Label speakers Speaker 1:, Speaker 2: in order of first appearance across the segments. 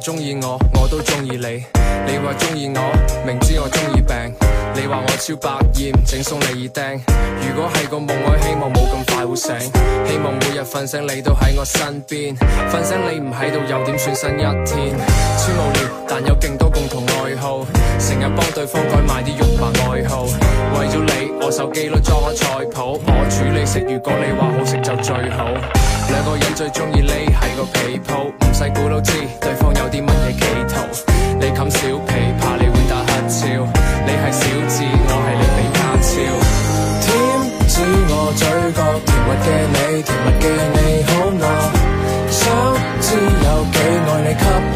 Speaker 1: 中意我，我都中意你。你話中意我，明知我中意病。你話我超百厭，整送你耳釘。如果係個夢，我希望冇咁快會醒。希望每日瞓醒你都喺我身邊，瞓醒你唔喺度又點算新一天？超無聊，但有勁多共同愛好，成日幫對方改埋啲肉麻愛好。為咗你，我手機都裝咗菜譜，我煮你食，如果你話好食就最好。兩個人最中意你係個被鋪，唔使估都知對方有啲乜嘢企圖。你冚小被，怕你會打乞嗤。你係小智，我係零零八超。甜住我嘴角，甜蜜嘅你，甜蜜嘅你，甜蜜嘅你好我。想知有幾愛你？給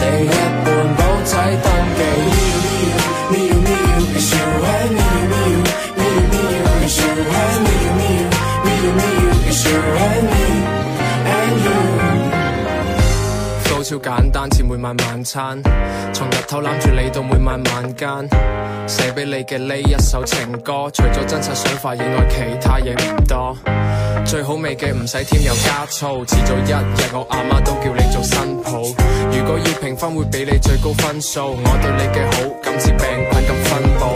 Speaker 1: 簡單似每晚晚餐，從日頭攬住你到每晚晚間，寫俾你嘅呢一首情歌，除咗真實想法以外，其他嘢唔多。最好味嘅唔使添油加醋，遲早一日我阿媽都叫你做新抱。如果要評分，會俾你最高分數，我對你嘅好感似病菌咁分佈。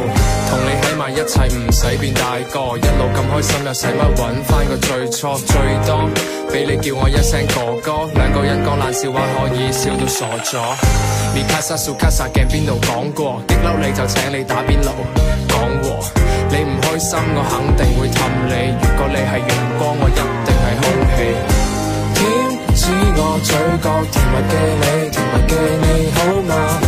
Speaker 1: 一切唔使變大個，一路咁開心又使乜揾翻個最初最多，俾你叫我一聲哥哥，兩個人講爛笑話可以笑到傻咗。你卡薩掃卡薩數鏡邊度講過，激嬲你就請你打邊爐，講和。你唔開心，我肯定會氹你。如果你係陽光，我一定係空氣。甜指我嘴角甜蜜嘅你，甜蜜嘅你好嗎？